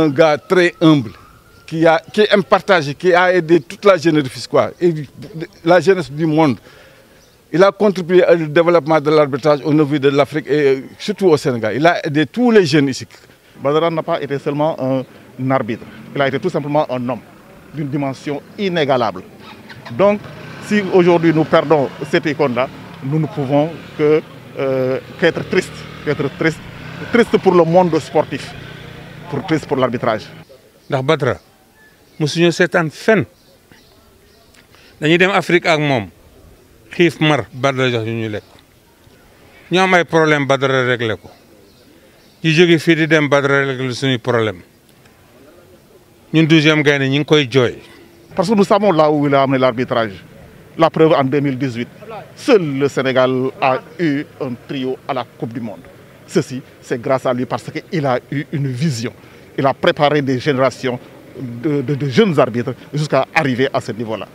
un gars très humble, qui, a, qui aime partager, qui a aidé toute la jeunesse fiscale et la jeunesse du monde. Il a contribué au développement de l'arbitrage au niveau de l'Afrique et euh, surtout au Sénégal. Il a aidé tous les jeunes ici. Badara n'a pas été seulement un arbitre, il a été tout simplement un homme d'une dimension inégalable. Donc, si aujourd'hui nous perdons cette icône-là, nous ne pouvons euh, qu'être tristes, être tristes, tristes pour le monde sportif pour prise pour l'arbitrage ndax Badara mosuñoo seetaan fen dañuy en Afrique ak moom xiif mar Badara jox ñu ñu lekk ay problème Badara réglé ko ñu jóge fii di dem Badara réglé suñuy problème ñun deuxième Gaïndé ñu ngi koy parce que nous savons là où il a amené l'arbitrage la preuve en 2018 seul le Sénégal a eu un trio à la Coupe du Monde Ceci, c'est grâce à lui parce qu'il a eu une vision. Il a préparé des générations de, de jeunes arbitres jusqu'à arriver à ce niveau-là.